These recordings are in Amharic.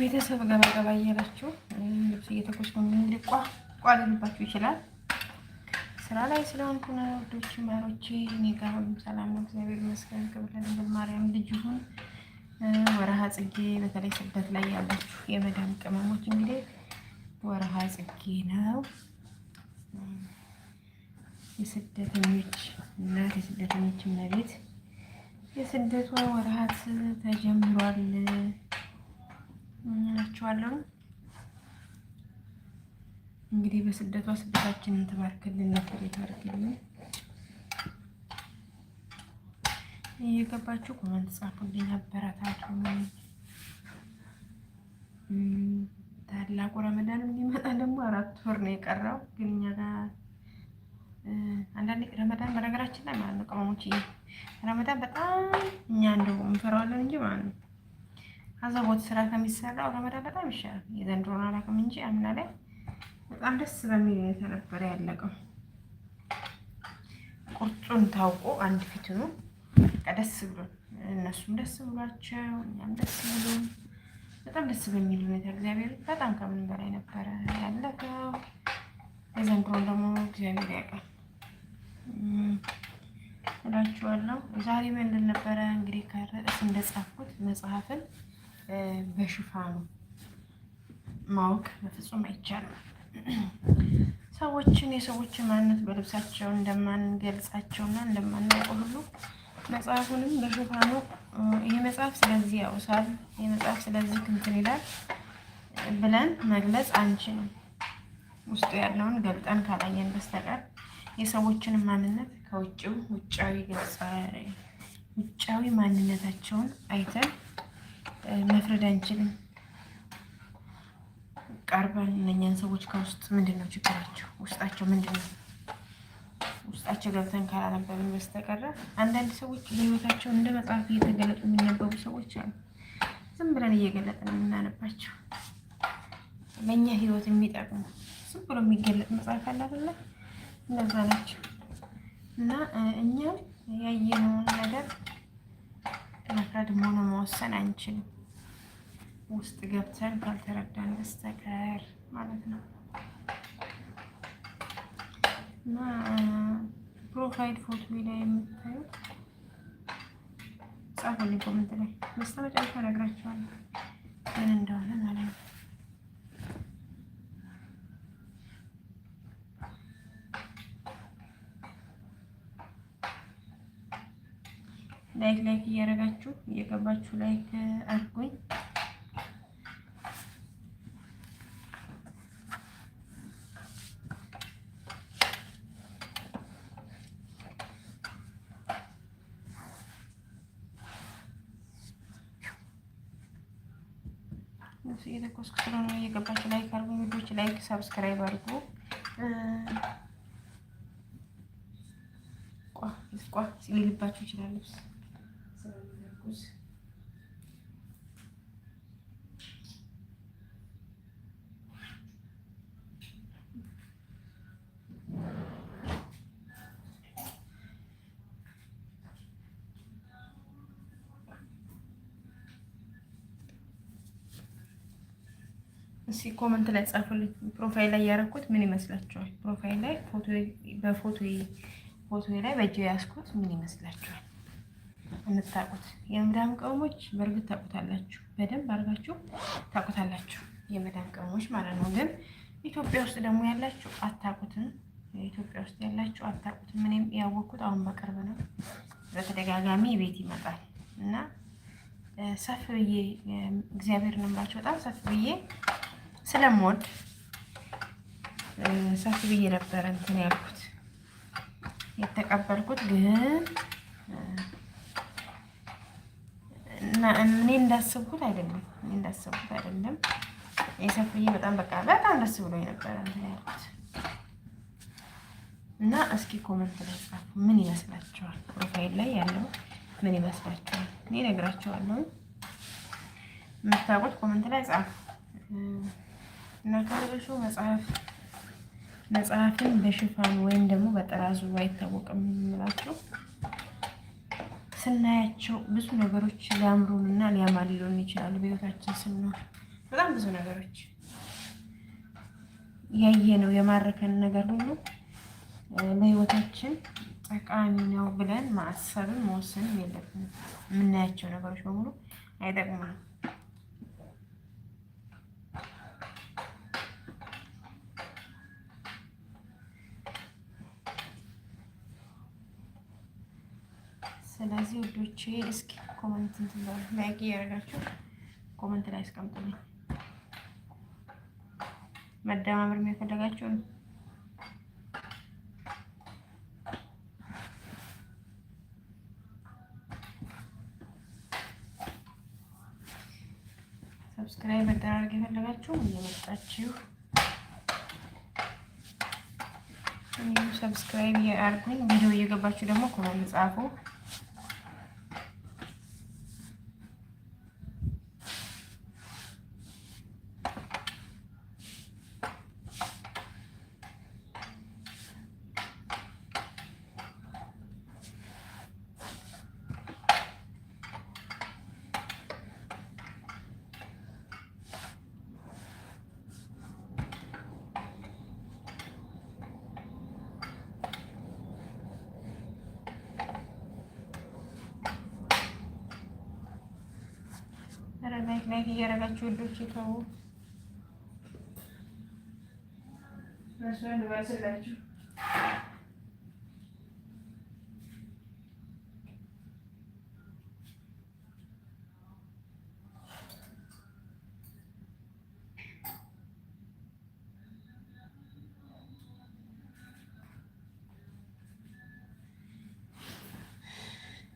ቤተሰብ ገባ ገባ እያላችሁ ልብስ እየተኮስኩኝ ሊቋ ቋልልባችሁ ይችላል። ስራ ላይ ስለሆንኩ ነው። ወዶች ማሮቼ፣ እኔ ጋር ሁሉም ሰላም ነው፣ እግዚአብሔር ይመስገን። ክብር ለድንግል ማርያም ልጅ ይሁን። ወረሃ ጽጌ፣ በተለይ ስደት ላይ ያላችሁ የመዳም ቅመሞች እንግዲህ ወረሃ ጽጌ ነው የስደተኞች እናት የስደተኞች እመቤት የስደቷ ወረሃት ተጀምሯል። እላችኋለሁ። እንግዲህ በስደቷ ስደታችንን ትባርክልን ነበር የታርግልን። እየገባችሁ ኮመንት ጻፉልኝ፣ አበረታቱኝ። ታላቁ ረመዳን እንዲመጣ ደግሞ አራት ወር ነው የቀረው። ግን እኛ ጋር አንዳንዴ ረመዳን በነገራችን ላይ ማለት ነው ቅመሞች፣ ረመዳን በጣም እኛ እንደው እንፈራዋለን እንጂ ማለት ነው አዘቦት ስራ ከሚሰራው ረመዳን በጣም ይሻላል። የዘንድሮን አላውቅም እንጂ አምና ላይ በጣም ደስ በሚል ሁኔታ ነበረ ያለቀው። ቁርጡን ታውቆ አንድ ፊትኑ ደስ ብሎ እነሱም ደስ ብሏቸው እኛም ደስ ብሎ በጣም ደስ በሚል ሁኔታ እግዚአብሔር በጣም ከምን በላይ ነበረ ያለቀው። የዘንድሮን ደግሞ እግዚአብሔር ያውቃል እላችኋለሁ። ዛሬ ምን ነበረ እንግዲህ ከርዕስ እንደጻፍኩት መጽሐፍን በሽፋኑ ማወቅ በፍጹም አይቻልም። ሰዎችን የሰዎችን ማንነት በልብሳቸው እንደማንገልጻቸውና እንደማናውቀው ሁሉ መጽሐፉንም በሽፋኑ ይህ መጽሐፍ ስለዚህ ያውሳል፣ ይሄ መጽሐፍ ስለዚህ እንትን ይላል ብለን መግለጽ አንችልም። ውስጡ ያለውን ገልጠን ካላየን በስተቀር የሰዎችን ማንነት ከውጭው ውጫዊ ውጫዊ ማንነታቸውን አይተን መፍረድ አንችልም። ቀርበን እነኛን ሰዎች ከውስጥ ምንድን ነው ችግራቸው፣ ውስጣቸው ምንድን ነው ውስጣቸው ገብተን ካላነበብን በስተቀረ አንዳንድ ሰዎች በህይወታቸው እንደ መጽሐፍ እየተገለጡ የሚነበቡ ሰዎች አሉ። ዝም ብለን እየገለጥን የምናነባቸው ለእኛ ህይወት የሚጠቅሙ ዝም ብሎ የሚገለጥ መጽሐፍ አለ አይደለ? ናቸው እና እኛም ያየነውን ነገር መፍረድ መሆኑ መወሰን አንችልም፣ ውስጥ ገብተን ካልተረዳን በስተቀር ማለት ነው። እና ፕሮፋይል ፎቶ ላይ የምታዩት ጻፉልኝ ኮመንት ላይ በስተመጨረሻ እነግራቸዋለሁ ምን እንደሆነ ማለት ነው። ላይክ ላይክ እያደረጋችሁ እየገባችሁ ላይክ አድርጉኝ። የተኮስኩ ስለሆነ እየገባችሁ ላይክ አርጉ። ውዶች፣ ላይክ ሰብስክራይብ አድርጉ። ቋ ሲልባችሁ ይችላል ልብስ እስኪ ኮመንት ላይ ጻፉልኝ። ፕሮፋይል ላይ ያደረኩት ምን ይመስላችኋል? ፕሮፋይል ላይ በፎቶ ፎቶ ላይ በእጅ ያስኩት ምን ይመስላችኋል? የምታውቁት የመዳም ቅመሞች በእርግጥ ታውቁታላችሁ፣ በደንብ አድርጋችሁ ታውቁታላችሁ። የመዳም ቅመሞች ማለት ነው። ግን ኢትዮጵያ ውስጥ ደግሞ ያላችሁ አታውቁትም። ኢትዮጵያ ውስጥ ያላችሁ አታውቁትም። እኔም ያወቅኩት አሁን በቅርብ ነው። በተደጋጋሚ ቤት ይመጣል እና ሰፍ ብዬ እግዚአብሔር ንምላችሁ በጣም ሰፍ ብዬ ስለምወድ ሰፊ ብዬ ነበረ እንትን ያልኩት የተቀበልኩት ግን እኔ እንዳስብኩት አይደለም። እኔ እንዳስብኩት አይደለም። የሰፍዬ በጣም በቃ በጣም ደስ ብሎ የነበረ እንትን ያልኩት እና እስኪ ኮመንት ላይ ጻፉ። ምን ይመስላችኋል? ፕሮፋይል ላይ ያለው ምን ይመስላችኋል? እኔ እነግራችኋለሁ። የምታውቁት ኮመንት ላይ ጻፉ። እና ከለበሾ መጽሐፍ መጽሐፍን በሽፋን ወይም ደግሞ በጠራዙ አይታወቅም የምላቸው ስናያቸው ብዙ ነገሮች ሊያምሩንና ሊያማልሉን ይችላሉ። በህይወታችን ስንኖር በጣም ብዙ ነገሮች ያየነው የማረከን ነገር ሁሉ ለህይወታችን ጠቃሚ ነው ብለን ማሰብን መወሰንም የለብንም። የምናያቸው ነገሮች በሙሉ አይጠቅሙንም። ስለዚህ ውዶች እስኪ ኮመንት እንትን ላይክ እያደረጋችሁ ኮመንት ላይ አስቀምጡልኝ። መደማመር የሚፈልጋችሁ ሰብስክራይብ መደራረግ የፈለጋችሁ እየመጣችሁ ሰብስክራይብ አድርጉኝ። ቪዲዮ እየገባችሁ ደግሞ ኮመንት ጻፉ። ላይክ እያደረጋችሁ ወዶች ተው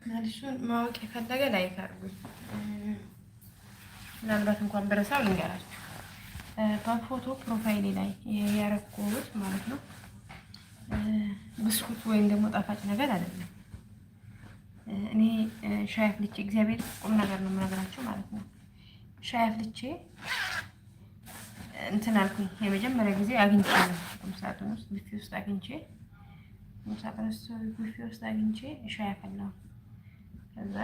መልሱን ማወቅ የፈለገ ላይክ አድርጉኝ። ምናልባት እንኳን ብረሳው ልንገራችሁ። በፎቶ ፕሮፋይሌ ላይ ያረኩት ማለት ነው ብስኩት ወይም ደግሞ ጣፋጭ ነገር አይደለም። እኔ ሻይ አፍልቼ እግዚአብሔር ቁም ነገር ነው የምነግራችሁ ማለት ነው። ሻይ አፍልቼ እንትን አልኩኝ። የመጀመሪያ ጊዜ አግኝቼ ነው ቁምሳጥን ውስጥ ብፌ ውስጥ አግኝቼ ቁምሳጥን ውስጥ ብፌ ውስጥ አግኝቼ ሻይ አፈላሁ። ከዛ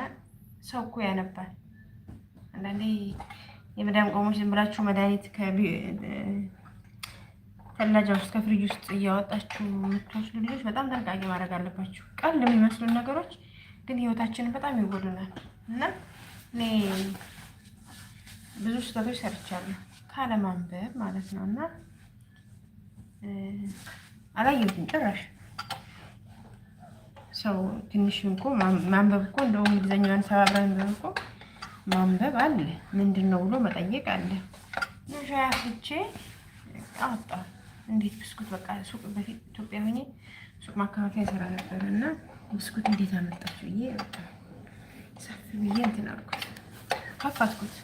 ሰው እኮ ያነባል አንዳንዴ የመዳም ቆሞች ዝም ብላችሁ መድኃኒት ከፈላጃ ውስጥ ከፍሪጅ ውስጥ እያወጣችሁ የምትወስዱ ልጆች በጣም ጥንቃቄ ማድረግ አለባችሁ። ቃል ለሚመስሉን ነገሮች ግን ህይወታችንን በጣም ይጎዱናል እና እኔ ብዙ ስህተቶች ሰርቻለሁ ካለማንበብ ማለት ነው እና አላየሁትም ጭራሽ ሰው ትንሽ እኮ ማንበብ እኮ እንደውም እንግሊዝኛን ሰባብረን ማንበብ እኮ ማንበብ አለ፣ ምንድን ነው ብሎ መጠየቅ አለ። ሻይ አፍልቼ አወጣ። እንዴት ብስኩት በቃ ሱቅ በፊት ኢትዮጵያ ሆኜ ሱቅ ማከፋፈያ ይሰራ ነበር እና ብስኩት እንዴት አመጣች ብዬ ሰፊ ብዬ እንትን አልኩት፣ ከፋትኩት።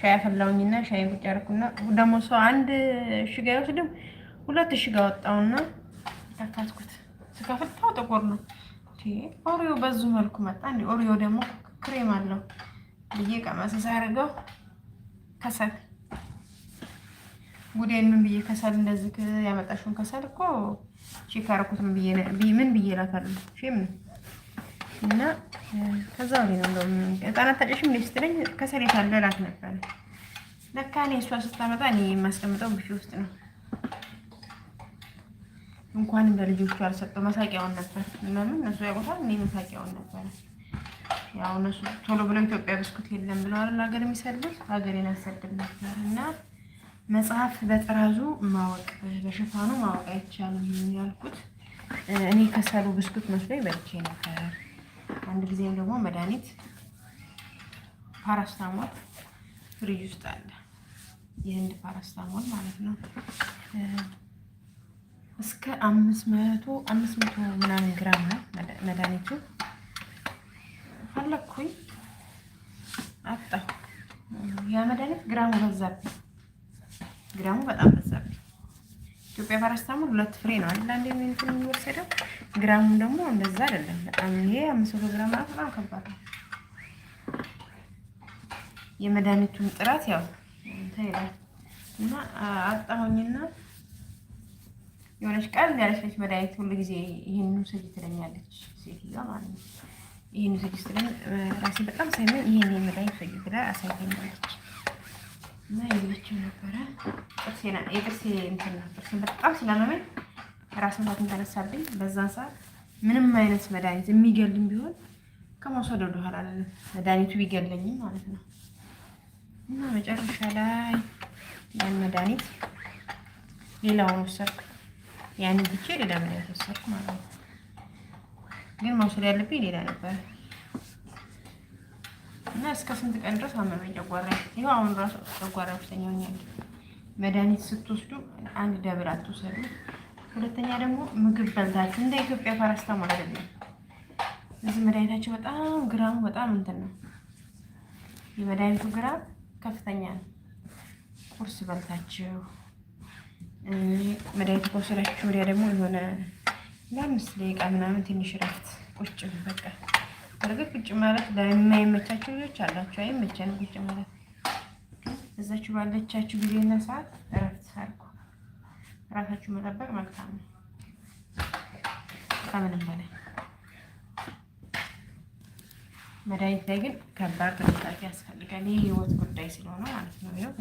ሻይ አፈላውኝና ሻይ ቁጭ አደረኩና ደግሞ ሰው አንድ እሽግ አይወስድም ሁለት እሽግ አወጣውና ከፋትኩት። ስከፍታው ጥቁር ነው። ኦሪዮ በዙ መልኩ መጣ። ኦሪዮ ደግሞ ክሬም አለው። ብዬ ቀመስ ሳያደርገው ከሰል ጉዴን ምን ብዬ ከሰል እንደዚህ ያመጣሽውን ከሰል እኮ ቼክ አደረኩት። ምን ብዬ ምን ብዬ ላታለሁ ሼም እና ከዛ ወዲህ ነው እንደውም ህጻናት ታጨሽም እንደ ስትለኝ ከሰል የታለ እላት ነበረ። ለካ እኔ እሷ ስታመጣ እኔ የማስቀምጠው ብፌ ውስጥ ነው። እንኳንም ለልጆቹ አልሰጠው መሳቂያውን ነበር። ለምን እነሱ ያውቁታል፣ እኔ መሳቂያውን ነበረ ያው እነሱ ቶሎ ብለው ኢትዮጵያ ብስኩት የለም ብለዋል። ሀገር የሚሰልል ሀገሬን አልሰድም ነበር እና መጽሐፍ በጥራዙ ማወቅ በሽፋኑ ማወቅ አይቻልም ያልኩት እኔ ከሰሉ ብስኩት መስሎኝ በልቼ ነበር። አንድ ጊዜም ደግሞ መድኃኒት ፓራስታሞል ፍሪጅ ውስጥ አለ፣ የህንድ ፓራስታሞል ማለት ነው። እስከ አምስት መቶ አምስት መቶ ምናምን ግራም ነው መድኃኒቱ ፈለግኩኝ አጣሁ። ያ መድኃኒት ግራሙ በዛብኝ፣ ግራሙ በጣም በዛብኝ። ኢትዮጵያ ፓራስታሞል ሁለት ፍሬ ነው አይደል? አንዴ ምን የሚወሰደው ግራሙም ደግሞ እንደዛ አይደለም። በጣም ይሄ አምስት መቶ ግራም ማለት በጣም ከባድ ነው። የመድኃኒቱን ጥራት ያው ተይላል እና አጣሁኝና የሆነች ቀል ያለች መድኃኒት ሁሉ ጊዜ ይሄንን ውሰጂ ትለኛለች ሴትዮዋ ማለት ነው። ይህን ዝግጅት ላይ ራሴን በጣም ሳይሆን ይህን የምላይ ፈዩ ብላ አሳይኛለች እና የለችም ነበረ የጥርሴ እንትን ጥርሴን በጣም ስላመመኝ ራስ ምታት ተነሳብኝ። በዛን ሰዓት ምንም አይነት መድኃኒት የሚገልም ቢሆን ከመውሰድ ወደኋላ አላለም። መድኃኒቱ ቢገለኝም ማለት ነው እና መጨረሻ ላይ ያን መድኃኒት ሌላውን ወሰድኩ። ያን ብቻ ሌላ መድኃኒት ወሰድኩ ማለት ነው። ግን መውሰድ ያለብኝ ሌላ ነበር እና እስከ ስንት ቀን ድረስ አመመኝ ጨጓራ። ይኸው አሁን ራሱ ጨጓራ በሽተኛ ሆኛለሁ። መድኃኒት ስትወስዱ አንድ ደብል አትወሰዱ። ሁለተኛ ደግሞ ምግብ በልታችሁ እንደ ኢትዮጵያ ፓራስታሞል አይደለም። እዚህ መድኃኒታቸው በጣም ግራሙ በጣም እንትን ነው። የመድኃኒቱ ግራም ከፍተኛ ነው። ቁርስ በልታችሁ መድኃኒቱ ከወሰዳችሁ ወዲያ ደግሞ የሆነ ለአምስት ደቂቃ ምናምን ትንሽ ረፍት ቁጭ በቃ። በርግጥ ቁጭ ማለት ለማይመቻቸው ልጆች አላቸው፣ አይመቸንም ቁጭ ማለት። እዛችሁ ባለቻችሁ ጊዜና ሰዓት እረፍት አድርጉ። እራሳችሁ መጠበቅ መልካም ነው ከምንም በላይ። መድኃኒት ላይ ግን ከባድ ጥንቃቄ ያስፈልጋል። ይህ ህይወት ጉዳይ ስለሆነ ማለት ነው። ይኸው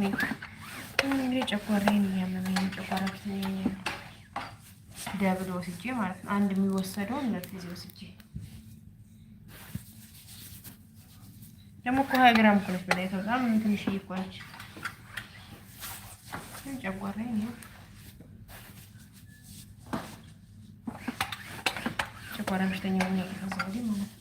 እኔ ጨጓራዬን እያመመኝ ጨጓራ ደብል ወስጄ ማለት ነው። አንድ የሚወሰደው እንደዚህ ወስጄ ደግሞ እኮ ሀያ ግራም እኮ ነች በላይ በጣም ትንሽዬ እኮ ነች። ጨጓራዬ ነው ጨጓራ በሽተኛ ከዛ ወዲህ ማለት ነው።